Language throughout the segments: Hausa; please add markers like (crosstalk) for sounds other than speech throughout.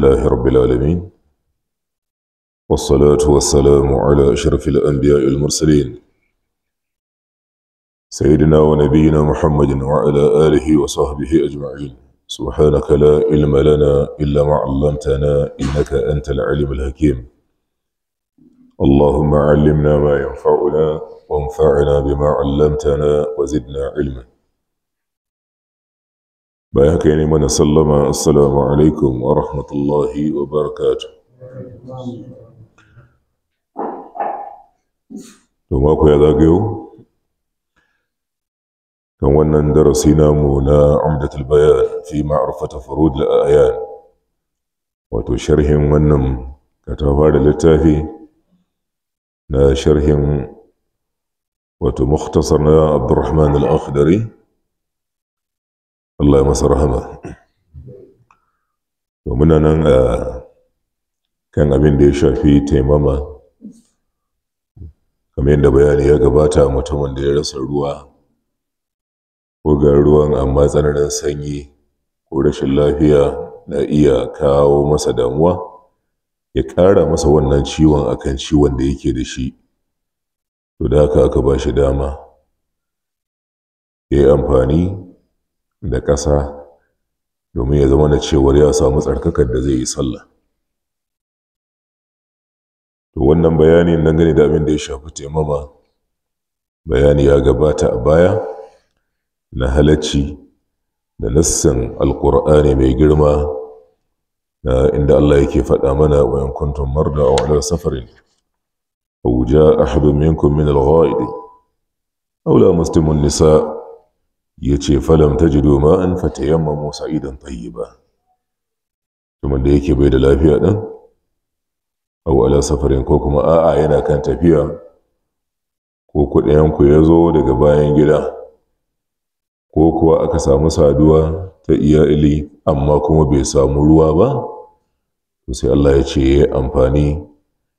لله رب العالمين والصلاة والسلام على أشرف الأنبياء المرسلين سيدنا ونبينا محمد وعلى آله وصحبه أجمعين سبحانك لا علم لنا إلا ما علمتنا إنك أنت العلم الحكيم اللهم علمنا ما ينفعنا وانفعنا بما علمتنا وزدنا علما بأيك من سلم السلام عليكم ورحمة الله وبركاته ثم أكو يا داقيو كم ونن درسينا مونا عمدة البيان في معرفة فروض الآيان وتشرهم ونم كتفاد للتافي نا شرهم وتمختصرنا عبد الرحمن الأخدري Allah ya masa rahama to muna nan a kan abin da ya shafi taimama kamar yadda bayani ya gabata mutumin da ya rasa ruwa ko ga ruwan amma tsananin sanyi ko rashin lafiya na iya kawo masa damuwa ya ƙara masa wannan ciwon akan ciwon da yake da shi to da haka aka ba shi dama ya yi amfani da ƙasa domin ya zama na cewar ya samu tsarkakar da zai yi sallah to wannan bayani nan gani da abin da ya shafi taimama bayani ya gabata a baya na halacci da nassan alkur'ani mai girma na inda Allah yake faɗa mana wa yankuntum marda a wani safarin أو جاء أحد منكم من الغائط أو لامستم النساء ya ce falam ta ji doma an fata yamma musa idan tsayi ba kuma da yake bai da lafiya ɗin a wala safarin ko kuma a'a yana kan tafiya ko kuɗayenku ya zo daga bayan gida ko kuwa aka samu saduwa ta iyali amma kuma bai samu ruwa ba to sai Allah ya ce ya amfani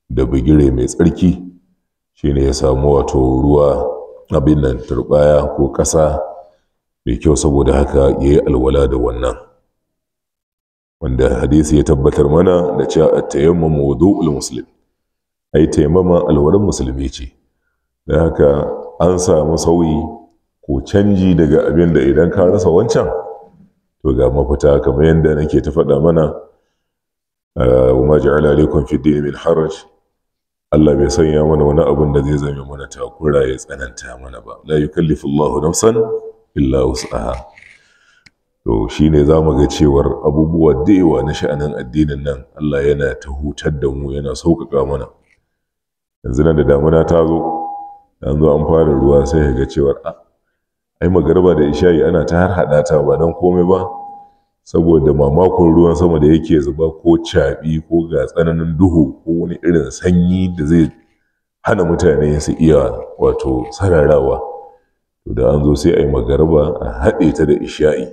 da bigire mai tsarki shine ya samu wato ruwa abin nan turbaya ko ƙasa mai kyau saboda haka ya yi alwala da wannan wanda hadisi ya tabbatar mana da cewa a tayammama wudu'ul muslim ai tayammama alwalan musulmi ce da haka an samu sauyi ko canji daga abin da idan ka rasa wancan to ga mafita kamar yadda nake ta faɗa mana ah, wa ma ja'ala alaikum fi min haraj Allah bai sanya mana wani abin da zai zame mana takura ya tsananta mana ba la yukallifu Allahu nafsan illa wus'aha to shine zamu ga cewar abubuwa da yawa na sha'anin addinin nan Allah yana ta hutar da mu yana sauƙaƙa mana yanzu nan da damuna ta zo Yanzu an fara ruwa sai ka ga cewar a ah, ai magarba da isha'i ana ta har hada ta ba dan komai ba saboda mamakon ruwan sama da yake zuba ko caɓi ko ga tsananin duhu ko wani irin sanyi da zai hana mutane su iya wato sararawa to da an zo sai a yi magaraba a haɗe ta da isha'i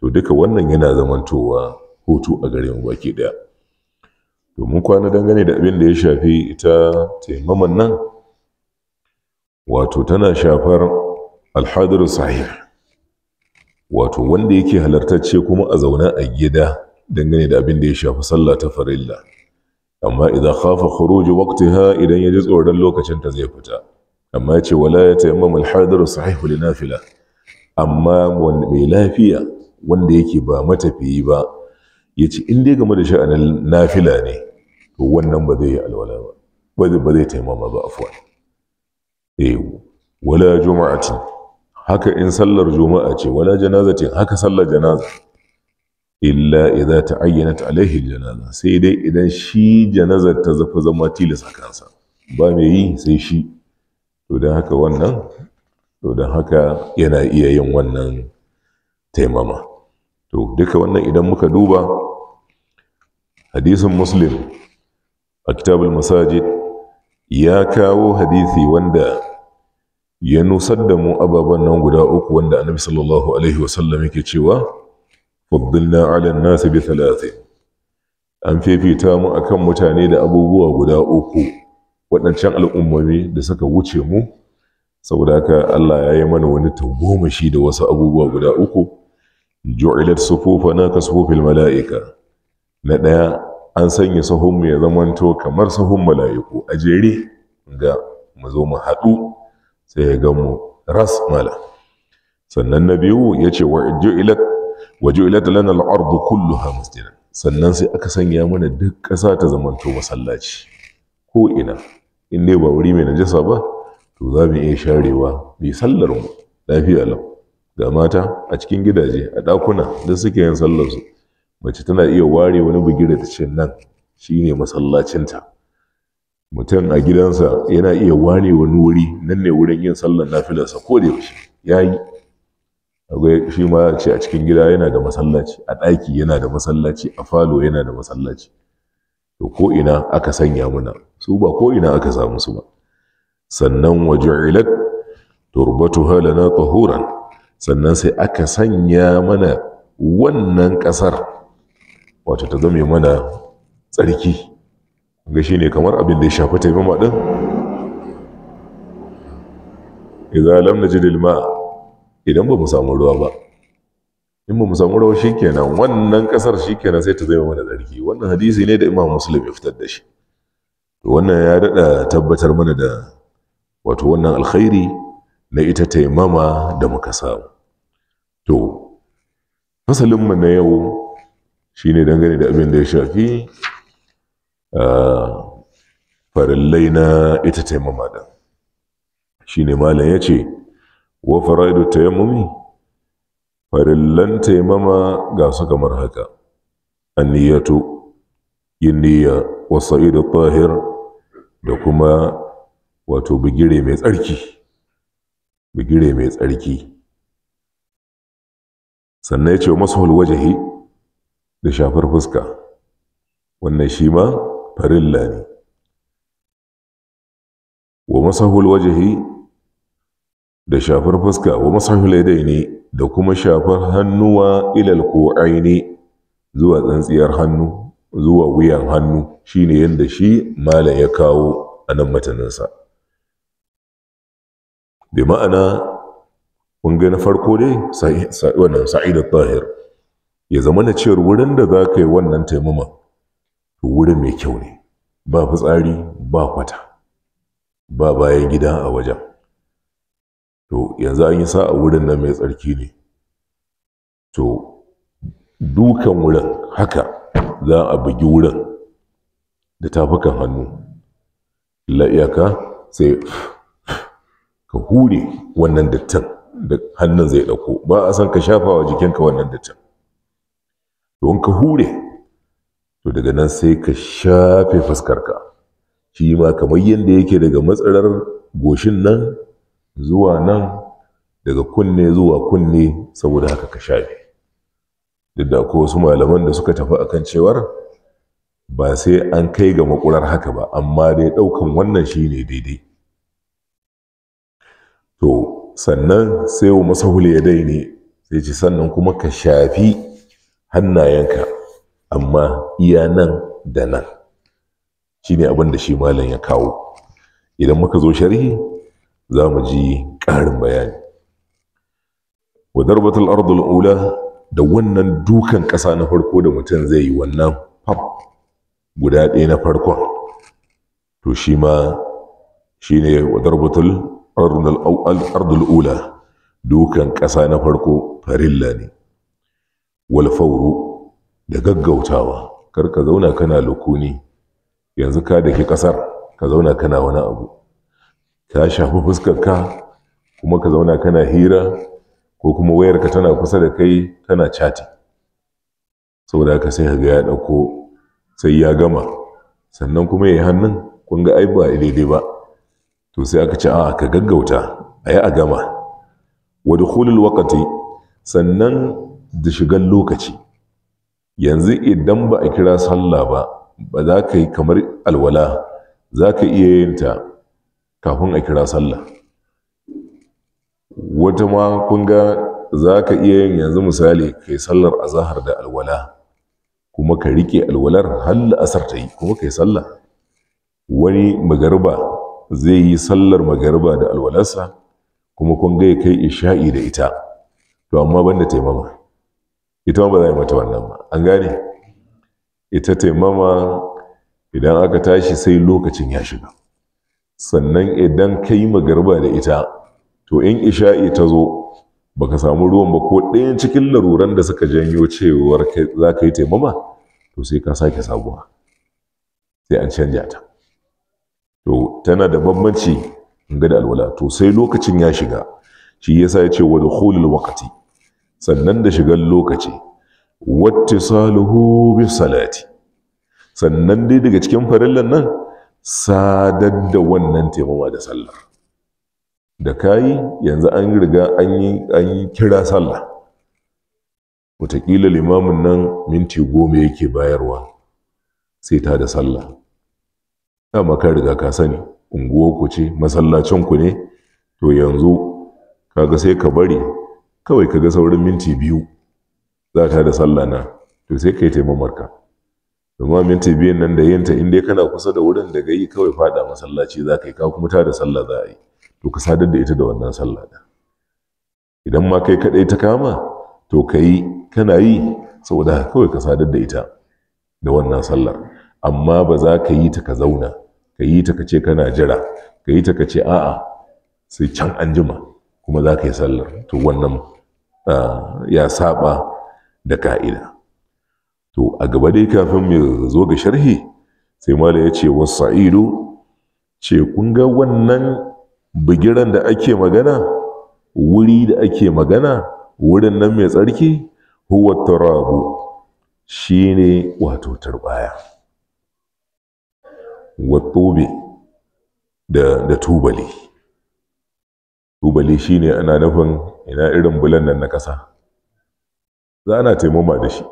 to duka wannan yana zamantowa hutu a garin mu baki ɗaya domin kwana dangane da abin da ya shafi ita taimaman nan wato tana shafar alhadir sahih wato wanda yake halartacce kuma a zauna a gida dangane da abin da ya shafi sallah ta farilla amma idan khafa khuruj waqtaha idan ya ji tsoron lokacin ta zai fita amma ya ce wala ya taimama al-hadiru sahihu li nafila amma wanda mai lafiya wanda yake ba matafiyi ba ya ce in dai game da sha'anin nafila ne to wannan ba zai yi alwala ba ba zai taimama ba afuwa eh wala juma'atin haka in sallar juma'a ce wala janazatin haka sallar janaza illa idza ta'ayyanat alaihi janaza sai dai idan shi janazar ta zafa zama tilas kansa ba mai yi sai shi to don haka wannan to don haka yana iya yin wannan taimama to duka wannan idan muka duba hadisin muslim a kitabul masajid ya kawo hadisi wanda ya nusar da mu ababen nan guda uku wanda annabi sallallahu alaihi wasallam yake cewa faddilna ala nasi bi thalathin an fifita mu akan mutane da abubuwa guda uku waɗancan al'ummomi da suka wuce mu saboda haka Allah ya yi mana wani tagomashi da wasu abubuwa guda uku ju'ilat sufufana ka sufufil mala'ika na ɗaya an sanya sahunmu ya zamanto kamar sahun mala'iku a jere ga mu zo mu haɗu sai ya ga mu ras mala sannan na biyu ya ce wa ju'ilat wa ju'ilat lana al kulluha masjidan sannan sai aka sanya mana duk ƙasa ta zamanto masallaci koina ina in dai ba wuri mai najasa ba to za mu iya sharewa mai sallar mu lafiya lau ga mata a cikin gidaje a ɗakuna da suke yin sallarsu, mace tana iya ware wani bugira ta ce nan shine masallacinta mutum a gidansa yana iya ware wani wuri nan ne wurin yin sallar nafilarsa ko da yaushe ya yi akwai shi ma ce a cikin gida yana da masallaci a ɗaki yana da masallaci a falo yana da masallaci to ko ina aka sanya muna su ba ko'ina aka samu su ba sannan wa ju'ilat turbatuha lana tahuran sannan sai aka sanya mana wannan ƙasar. wato ta zame mana tsarki ga ne kamar abin da ya shafi taimama din idza lam jirgin alma idan ba mu samu ruwa ba in ba mu samu ruwa shikenan wannan kasar shikenan sai ta zame mana tsarki wannan hadisi ne da Imam Muslim ya fitar da shi wannan ya daɗa tabbatar mana da wato wannan alkhairi na ita taimama da muka samu to mu na yau shi ne dangane da abin da ya shafi farillai na ita taimama da shi ne malam ya ce wa fara'idu tayammumi farillan taimama ga su kamar haka anniyatu iniya wa sa'id tahir da kuma wato bigire mai tsarki bigire mai tsarki sannan ya ce masahul wajahi da shafar fuska wannan shi ma farilla ne wa masahul wajahi da shafar fuska wa masahul ne da kuma shafar hannuwa ilal aini zuwa tsantsiyar hannu zuwa wuyan hannu shine yadda shi malam ya kawo a nan mataninsa bi ma'ana kun na farko dai wannan sa'idar tahir ya zama na cewar wurin da za ka yi wannan taimama wurin mai kyau ne ba fitsari ba kwata ba bayan gida a wajen to yanzu an yi a wurin na mai tsarki ne to dukan wurin haka za a bugi wurin da tafukan hannu illa iyaka sai ka hure wannan dattin da hannun zai ɗauko ba a san ka shafa wa jikinka wannan dattin don ka hure to daga nan sai ka shafe fuskarka shi ma kamar yadda yake daga matsalar goshin nan zuwa nan daga kunne zuwa kunne saboda haka ka shafe duk da ko wasu malaman da suka tafi akan cewar ba sai an kai ga makular haka ba amma dai ɗaukan wannan shi ne daidai to sannan sai wa masahul ya daine sai ci sannan kuma ka shafi hannayenka amma iya nan da nan shi ne abin da shi malam ya kawo idan muka zo sharhi za mu ji ƙarin bayani wa darbatul ardul ula da wannan dukan ƙasa na farko da mutum zai yi wannan fab guda ɗaya na farko. to shi ma shi ne wadarbatul ardul ula dukan ƙasa na farko farilla ne walfauru da gaggautawa kar ka zauna kana lukuni yanzu ka da ke ƙasar ka zauna kana wani abu ka shafi fuskarka kuma ka zauna kana hira ko kuma wayarka tana kusa da kai tana cati. saboda haka sai kaga ya ɗauko sai ya gama sannan kuma ya yi hannun kun ga ai ba daidai ba to sai aka ce a ka gaggauta a yi a gama wa dukhulul wakati, sannan da shigan lokaci yanzu idan ba a kira sallah ba ba za ka yi kamar alwala za ka iya yin ta kafin a kira sallah wata ma kun ga za ka iya yin yanzu misali kai sallar azahar da alwala kuma ka rike alwalar har la'asar ta yi kuma kai sallah wani magarba zai yi sallar magarba da alwalarsa kuma kun ga kai isha'i da ita to amma banda taimama ita ma ba za a yi mata wannan ba an gane ita taimama idan aka tashi sai lokacin ya shiga sannan idan ka yi magarba da ita to in isha'i ta zo baka samu ruwan ba ko ɗayan cikin laruran da suka janyo cewar za ka yi taimama to sai ka sake sabuwa sai an canja ta to tana da bambanci ga da alwala to sai lokacin ya shiga shi yasa ya ce wa hulul wakati, sannan da shigar lokaci wata saluhu bi salati sannan dai daga cikin farillan nan sadar da wannan taimama da sallar da kayi yanzu an riga an yi kira sallah wataƙila limamin nan minti goma yake bayarwa sai ta da sallah dama ka riga ka sani unguwar ku ce masallacin ku ne to yanzu kaga sai ka bari kawai kaga saurin minti biyu za ta da sallah na to sai ka yi taimamarka domin minti biyun nan da yinta in dai kana kusa da wurin daga yi kawai fada masallaci za ka yi ka kuma ta da sallah za a yi to ka sadar da ita da wannan sallah da idan ma kai kaɗai ta kama to ka kana yi saboda kawai ka sadar da ita da wannan sallar amma ba za ka yi ta ka zauna ka yi ta ka ce kana jira ka yi ta ka ce a'a sai can an jima kuma za ka yi sallar to wannan ya saba da ka'ida to a gaba dai kafin mu zo ga sharhi sai mala ya ce wasu sa'idu ce kun ga wannan bigiran da ake magana wuri da ake magana wurin nan mai tsarki huwa turabu shine wato turbaya wattube da da tubali tubali shine ana nufin ina irin bulan nan na ƙasa za ana taimama da shi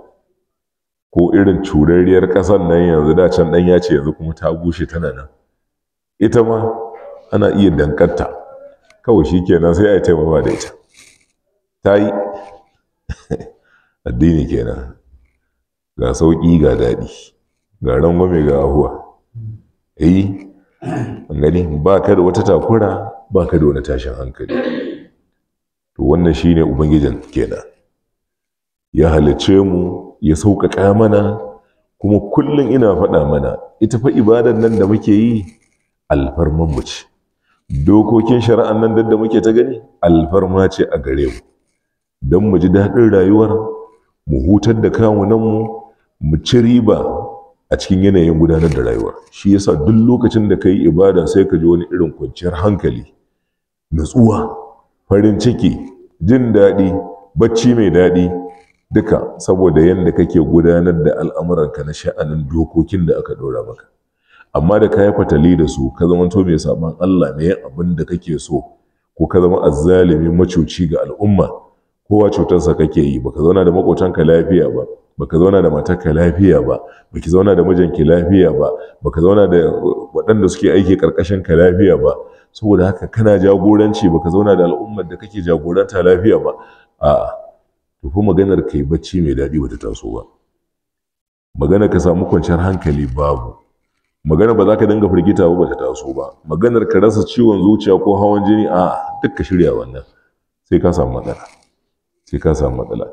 ko irin curarriyar ƙasan nan yanzu da can ɗan yace yanzu kuma ta bushe tana nan ita ma ana iya dankarta kawai shi kenan sai a yi taimama da ita ta (laughs) addini kenan ga sauƙi ga daɗi ga rangwame ga ahuwa yi eh, an gani ba ka da wata takura ba ka da wani tashin hankali to wannan shine ne ubangijin kenan ya halice mu ya sauƙaƙa mana kuma kullum ina faɗa mana ita fa ibadan nan da muke yi alfarman mu ce dokokin shari'an nan da muke ta gani alfarma ce a gare mu don mu ji daɗin rayuwar mu hutar da kawunanmu mu ci riba a cikin yanayin gudanar da rayuwar. shi yasa duk lokacin da ka yi ibada sai ka ji wani irin kwanciyar hankali natsuwa farin ciki jin daɗi bacci mai daɗi duka saboda yadda kake gudanar da al'amuranka na sha'anin dokokin da aka ɗora maka amma da kayi kwatali da su ka zama to mai saban Allah yin abin da kake so ko ka zama azzalimi macuci ga al'umma kowa cutarsa kake yi baka zauna da makotanka lafiya ba baka zauna da matarka lafiya ba baki zauna da mijinki lafiya ba baka zauna da waɗanda suke aiki karkashin ka lafiya ba saboda haka kana jagoranci baka zauna da al'ummar da kake jagoranta lafiya ba a'a to maganar kai bacci mai daɗi bata taso ba maganar ka samu kwanciyar hankali babu magana ba za ka dinga firgita ba ta taso ba maganar ka rasa ciwon zuciya ko hawan jini a duk ka shirya wannan sai ka samu matsala sai ka samu matsala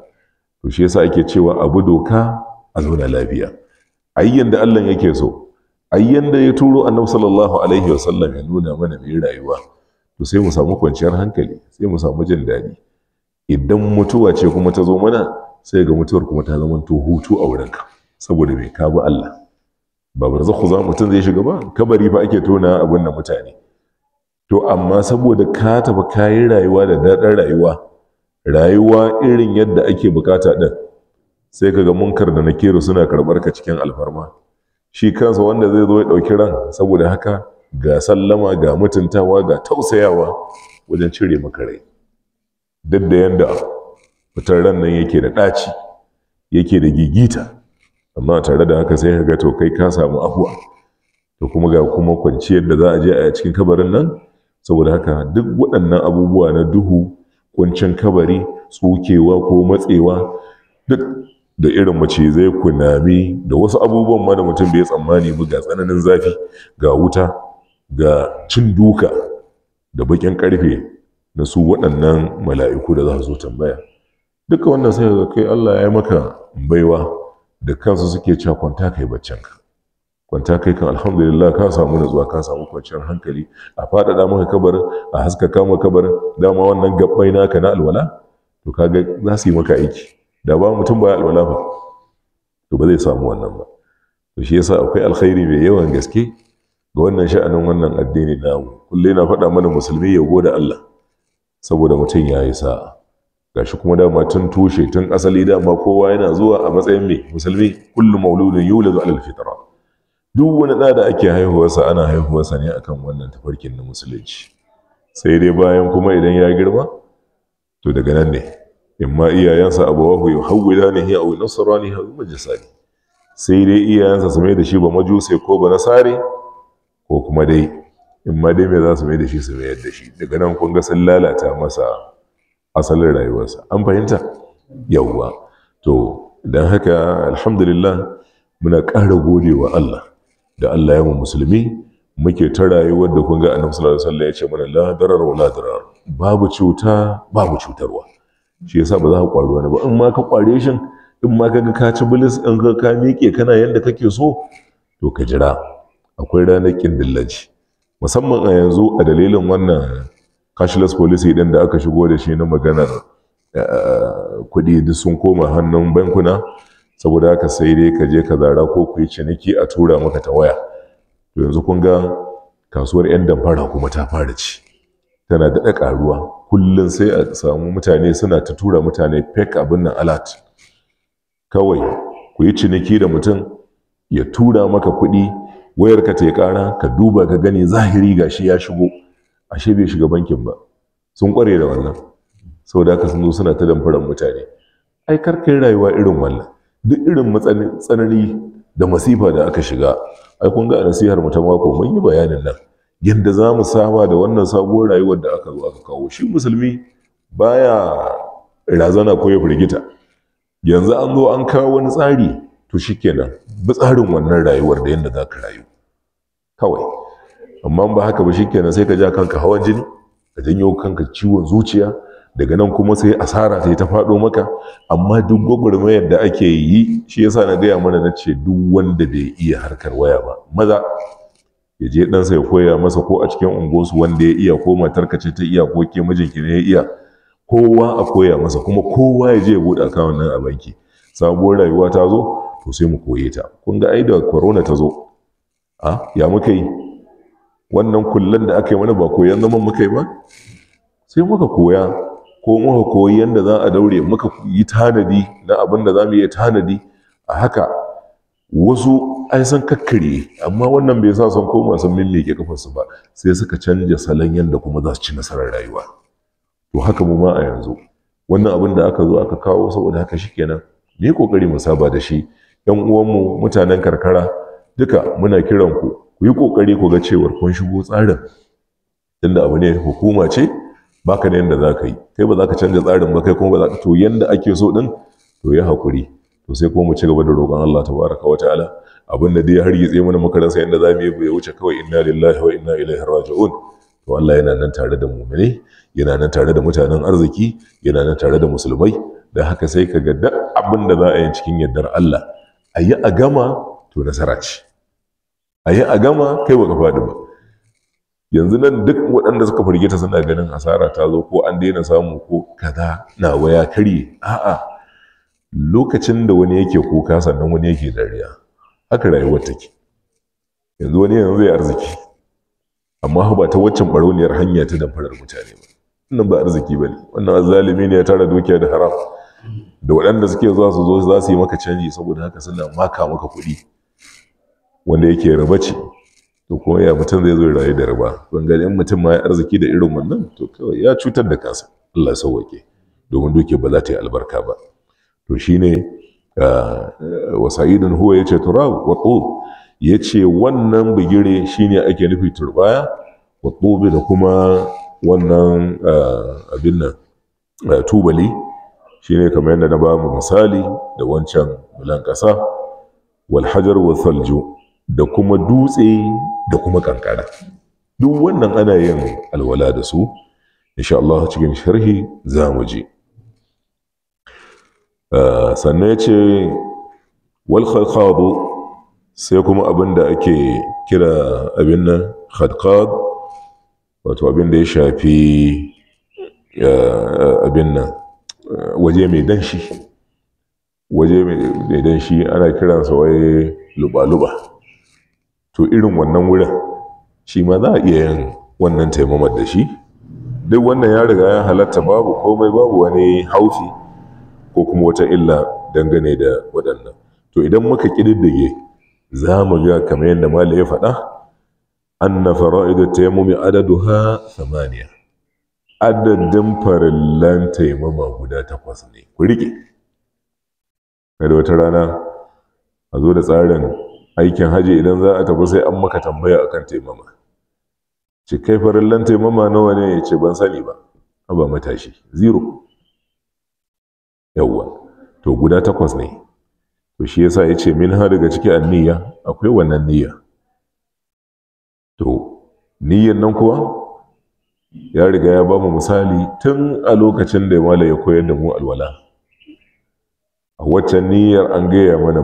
to shi yasa ake cewa abu doka a zauna lafiya ayyan da Allah yake so ayyan da ya turo annabi sallallahu alaihi wa sallam ya nuna mana mai rayuwa to sai mu samu kwanciyar hankali sai mu samu jin daɗi idan mutuwa ce kuma ta zo mana sai ga mutuwar kuma ta zama to hutu a wurinka saboda mai ka Allah ba barzakhu za mutum zai shiga ba kabari fa ake tona abin da mutane to amma saboda ka tafi kayan rayuwa da daɗin rayuwa rayuwa irin yadda ake bukata ɗin sai kaga munkar da nakiru suna karɓar ka cikin alfarma shi kansa wanda zai zo ya ɗauki ran saboda haka ga sallama ga mutuntawa ga tausayawa wajen cire maka rai duk da yadda fitar ran nan yake da ɗaci yake da gigita amma tare da haka sai ka ga to kai ka samu afuwa to kuma ga kuma kwanciyar da za a je a cikin kabarin nan saboda haka duk waɗannan abubuwa na duhu kuncin kabari tsukewa ko matsewa duk da irin mace zai kunami da wasu abubuwan ma da mutum bai tsammani ba ga tsananin zafi ga wuta ga cin duka da bakin karfe na su waɗannan mala'iku da za su zo tambaya duka wannan sai ga kai Allah ya maka baiwa da kansu suke cewa kwanta kai baccin ka kwanta kai kan alhamdulillah ka samu nutsuwa ka samu kwanciyar hankali a faɗaɗa maka kabarin a ka maka kabarin dama wannan gabbai naka na alwala to kaga za su yi maka aiki da ba mutum ba alwala ba to ba zai samu wannan ba to shi yasa akwai alkhairi mai yawan gaske ga wannan sha'anin wannan addini namu kullum na faɗa mana musulmi ya gode Allah saboda mutum ya yi sa'a gashi kuma dama tun tushe tun asali dama kowa yana zuwa a matsayin mai musulmi kullum mauludin yuladu alal fitra duk wani ɗa da ake haihuwarsa ana haihuwarsa ne akan wannan tafarkin na musulunci sai dai bayan kuma idan ya girma to daga nan ne imma iyayensa abawahu yuhawwilanihi aw nasranihi aw majsani sai dai iyayensa su mai da shi ba majusai ko ba nasare ko kuma dai imma dai me za su mai da shi su mayar da shi daga nan kun ga sun lalata masa asalin rayuwarsa an fahimta yawwa to don haka alhamdulillah muna ƙara gode wa Allah da Allah ya mu musulmi muke ta rayuwar da kun ga annabi sallallahu alaihi ya ce mana la darar wa la babu cuta babu cutarwa shi yasa ba za ka kwari wani ba in ma ka kware shi in ma ka ga ka ci bilis in ka ka miƙe kana yanda kake so to ka jira akwai ranar ƙin musamman a yanzu a dalilin wannan cashless policy din da aka shigo da shi na maganar eh, kuɗi duk sun koma hannun bankuna saboda haka sai dai ka je ka zara ko ku yi ciniki a tura maka ta waya to yanzu kun ga kasuwar 'yan damfara kuma ta fara ci tana daɗa ƙaruwa kullum sai a samu mutane suna ta tura mutane fake abin nan alert kawai ku yi ciniki da mutum ya tura maka kuɗi ka ta yi ƙara ka duba ka gani zahiri gashi ya shigo ashe bai shiga bankin ba sun kware da wannan saboda haka sun zo suna ta damfarar mutane ai yi rayuwa irin wannan duk irin matsanani da masifa da aka shiga ai kun ga nasihar mu ta mako mun yi bayanin nan yadda za mu saba da wannan sabuwar rayuwar da aka zo aka kawo shi musulmi baya razana ko ya firgita yanzu an zo an kawo wani tsari to shikenan bi tsarin wannan rayuwar da yadda za ka rayu kawai amma ba haka ba shikenan sai ka ja kanka hawan jini ka janyo kanka ciwon zuciya daga nan kuma sai asara sai ta faɗo maka amma duk gwagwarmayar da ake yi shi yasa na gaya mana na ce duk wanda bai iya harkar waya ba maza ya je ɗansa ya koya masa ko a cikin unguwarsu wanda ya iya ko matarka ce ta iya ko ke mijinki ne ya iya kowa a koya masa kuma kowa ya je ya buɗe akawun nan a banki sabuwar rayuwa ta zo to sai mu koye ta kun ga ai da corona ta zo a ah, ya muka yi wannan kullum da aka yi mana ba koyan zama muka yi ba sai muka koya ko muka koyi yadda za a daure muka yi tanadi na abin da za mu iya tanadi a haka wasu ai san kakkare amma wannan bai sa son koma sun ke kafarsu ba sai suka canja salon yadda kuma za su ci nasarar rayuwa to haka mu ma a yanzu wannan abin da aka zo aka kawo saboda haka shikenan mu yi kokari mu saba da shi yan uwanmu mutanen karkara duka muna kiran ku ku yi ƙoƙari ku ga cewar kun shigo tsarin Inda abu ne hukuma ce baka da yanda za ka yi kai ba za ka canza tsarin ba kai kuma ba za ka to yanda ake so din to ya haƙuri to sai kuma mu ci gaba da roƙon Allah tabaraka wa ta'ala abin da dai har yitse mana makaransa yanda za mu yi ya wuce kawai inna lillahi wa inna ilaihi raji'un to Allah yana nan tare da mu'mini yana nan tare da mutanen arziki yana nan tare da musulmai da haka sai ka ga duk abin da za a yi cikin yardar Allah a yi a gama to nasara ce Ayi, a gama kai baka faɗi ba yanzu nan duk waɗanda suka firgita suna ganin asara ta zo ko an daina samu ko kaza na waya karye a'a lokacin da wani yake kuka sannan wani yake dariya haka rayuwar take yanzu wani yanzu zai arziki amma ba ta waccan barauniyar hanya ta damfarar mutane ba wannan ba arziki ba ne wannan azalimi ne ya tara dukiya da haram da waɗanda suke zuwa su zo za su yi maka canji saboda haka suna maka maka kuɗi wanda yake raba ce to kuma ya mutum zai zo rayu da raba. ban gani in mutum ma ya arziki da irin wannan to kawai ya cutar da kansa Allah ya sauwake domin duke ba za ta yi albarka ba to shine ah, wasa'idun huwa yace turab wa tub yace wannan bigire shine ake nufi turbaya wa tub da kuma wannan ah, abin nan ah, tubali shine kamar yadda na ba mu misali da wancan bulan ƙasa wal hajar wa thalju da kuma dutse da kuma kankara duk wannan ana yin alwala da su insha Allah cikin sharhi za mu je. Ah, sannan ya ce wal khalqadu sai kuma abin da ake kira abin nan khadqad wato abin da ya shafi ah, abin nan waje mai danshi waje mai danshi ana kiransa wai luba-luba to irin wannan wurin shi ma za a iya yin wannan taimamar da shi duk wannan ya riga ya halatta babu komai babu wani haufi ko kuma wata illa dangane da waɗannan to idan muka ƙididdige za mu ga kamar yadda mali ya faɗa idan taimami adadu ha samaniya adadin farillan taimama guda takwas ne ku riƙe kada wata rana a zo da tsarin aikin haji idan za a tafi sai an maka tambaya akan taimama ce kai lan taimama nawa ne ya ce ban sani ba ba matashi zero yawwa to guda takwas ne to shi yasa ya ce min har daga ciki niyya akwai wannan niyya to niyyan nan kuwa ya riga ya ba mu misali tun a lokacin da mala ya koyar da mu alwala a waccan niyyar an gaya mana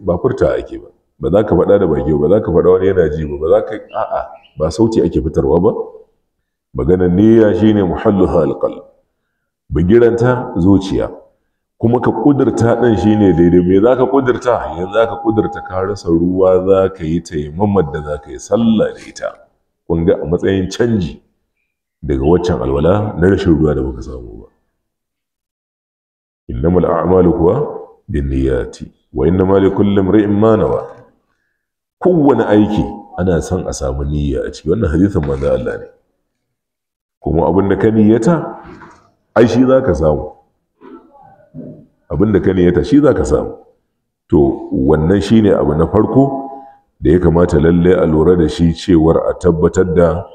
ba furta ake ba ba za ka faɗa da baki ba za ka faɗa wani yana ji ba ba za ka a'a ba sauti ake fitarwa ba maganar niyya shine muhalluha alqalb bigiranta zuciya kuma ka kudurta ɗan shine daidai me za ka kudurta yanzu za ka kudurta ka rasa ruwa za ka yi taimamar da za ka yi sallah da ita kun ga a matsayin canji daga waccan alwala na rashin ruwa da baka samu ba innamal a'malu kuwa binniyati wa innamal likulli imrin ma nawa kowane aiki ana son a samu niyya a ciki wannan hadisin manzo Allah ne kuma abin da ka niyyata ai shi za ka samu abin da ka niyyata shi za ka samu to wannan shi ne abu na farko da ya kamata lalle a lura da shi cewar a tabbatar da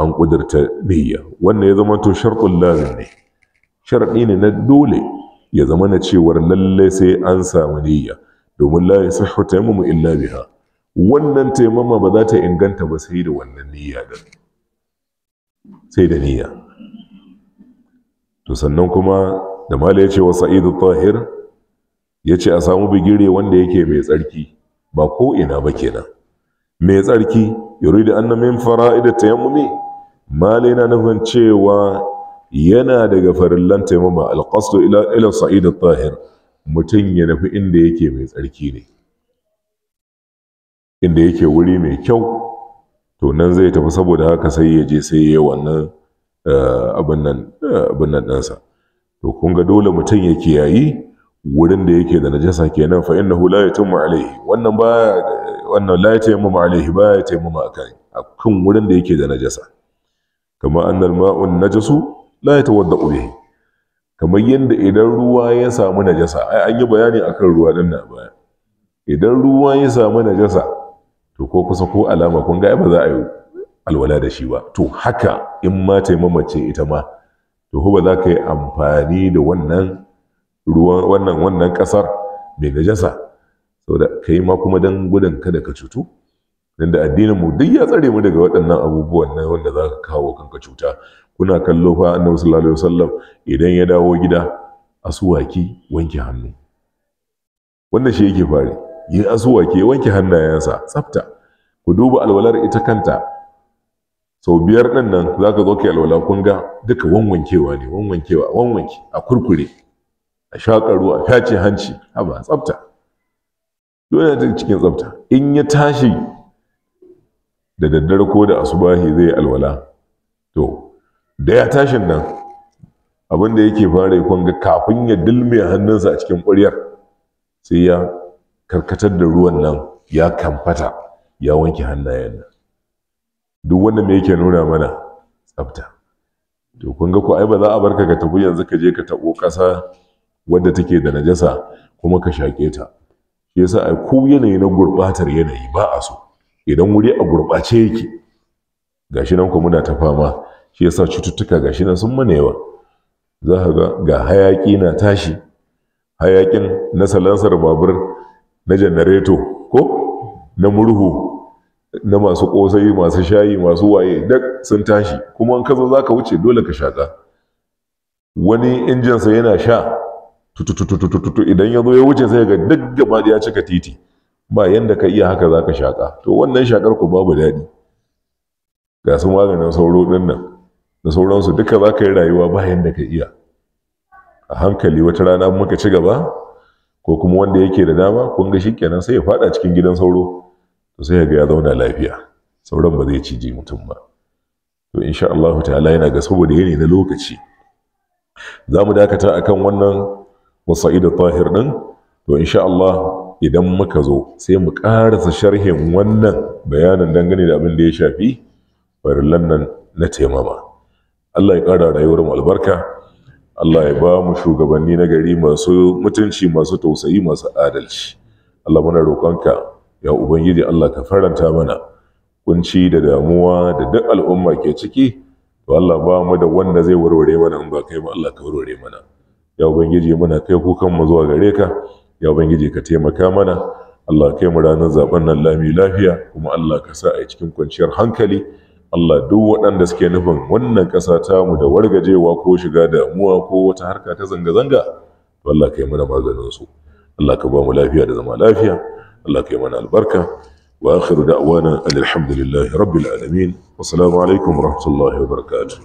an kudurta niyya wannan ya zama to sharɗin lazim ne sharɗi ne na dole ya zama na cewar lalle sai an samu niyya domin la yasihhu tayammumu illa biha wannan taimama ba za ta inganta ba sai da wannan niyya da sai da niyya to sannan kuma da mala ya ce wa sa'idu tahir ya ce a samu bigire wanda yake mai tsarki ba ko ina ba kenan mai tsarki da annan min fara'ida tayammumi mala yana nufin cewa yana daga farillan taimama alqasdu ila ila Sa'idu tahir mutum ya nufi inda yake mai tsarki ne inda yake wuri mai kyau to nan zai tafi saboda haka sai ya je sai ya yi wannan eh, abin nan eh, ɗansa to kun ga dole mutum ya kiyayi wurin da yake da najasa kenan fa innahu la yatimmu alaihi wannan ba wannan la yatimmu alaihi ba yatimmu A kun wurin da yake da najasa kama annal ma'un najasu la yatawaddu bihi kamar yadda idan ruwa ya samu najasa ai an yi bayani akan ruwa din na baya idan ruwa ya samu najasa to ko kusa ko alama kun ga ba za a yi alwala da shi ba to haka in ma yi mamace ita ma to ba za ka yi amfani da wannan ruwan wannan wannan kasar mai najasa saboda kai ma kuma dan gudun kada ka cutu dan da addinin mu duk ya tsare mu daga waɗannan abubuwan nan wanda za ka kawo kanka cuta kuna kallo fa annabi sallallahu alaihi wasallam idan ya dawo gida asuwaki wanke hannu wannan shi yake fari yi asuwa ke wanke hannayensa tsafta ku duba alwalar ita kanta sau biyar ɗin nan za ka zo ka alwala kun ga duka wanwankewa ne wanwankewa wanwanke a kurkure a shakaru, a fyace hanci haba tsafta dole ta cikin tsafta in ya tashi da daddare ko da asubahi zai alwala to da ya tashin nan abin da yake fara kun ga kafin ya dilme hannunsa a cikin ƙuryar sai ya karkatar da ruwan nan ya kamfata ya wanke hannayen nan duk wanda me yake nuna mana tsafta to kun ga ko ai ba za a barka ka tafi yanzu ka je ka tabo kasa, wadda take da najasa kuma ka shaƙe ta shi yasa ai ko yanayi na gurɓatar yanayi ba a so idan wuri a gurɓace yake gashi nan ko muna ta fama shi yasa cututtuka gashi nan sun mana yawa za ga ga hayaƙi na tashi hayaƙin na salansar babur na janareto ko na murhu na masu kosai masu shayi masu waye duk sun tashi kuma an ka zaka wuce dole ka shaka wani injin sa yana sha tutututututu idan ya zo ya wuce sai ga duk gaba ya cika titi ba yanda ka iya haka zaka shaka to wannan shakar ku babu daɗi ga su maganin sauro din nan da sauransu duka za ka yi rayuwa ba yanda ka iya a hankali wata rana muka ci gaba ko kuma wanda yake da dama kun ga shikenan sai ya fada cikin gidan sauro to sai ga ya zauna lafiya sauran ba zai cije mutum ba to insha Allah ta'ala yana ga saboda yanayi na lokaci za mu dakata akan wannan wasa'ida tahir din to insha Allah idan muka zo sai mu karasa sharhin wannan bayanin dangane da abin da ya shafi farillan nan na taimama Allah ya ƙara rayuwar mu albarka Allah ya ba mu shugabanni na gari masu mutunci masu tausayi masu adalci Allah muna roƙonka ya ubangiji Allah ka faranta mana kunci da damuwa da duk al'umma ke ciki to Allah ba mu da wanda zai warware mana in ba kai ba Allah ka warware mana ya ubangiji muna kai kukan mu zuwa gare ka ya ubangiji ka taimaka mana Allah kai mu ranar zaben nan lami lafiya kuma Allah ka sa a cikin kwanciyar hankali Allah duk waɗanda suke nufin wannan ƙasa tamu da wargajewa ko shiga damuwa ko wata harka ta zanga-zanga to Allah ka yi mana maganin su Allah ka ba mu lafiya da zama lafiya Allah ka yi mana albarka wa akhiru da'wana alhamdulillahi rabbil alamin assalamu alaikum wa rahmatullahi wa barakatuh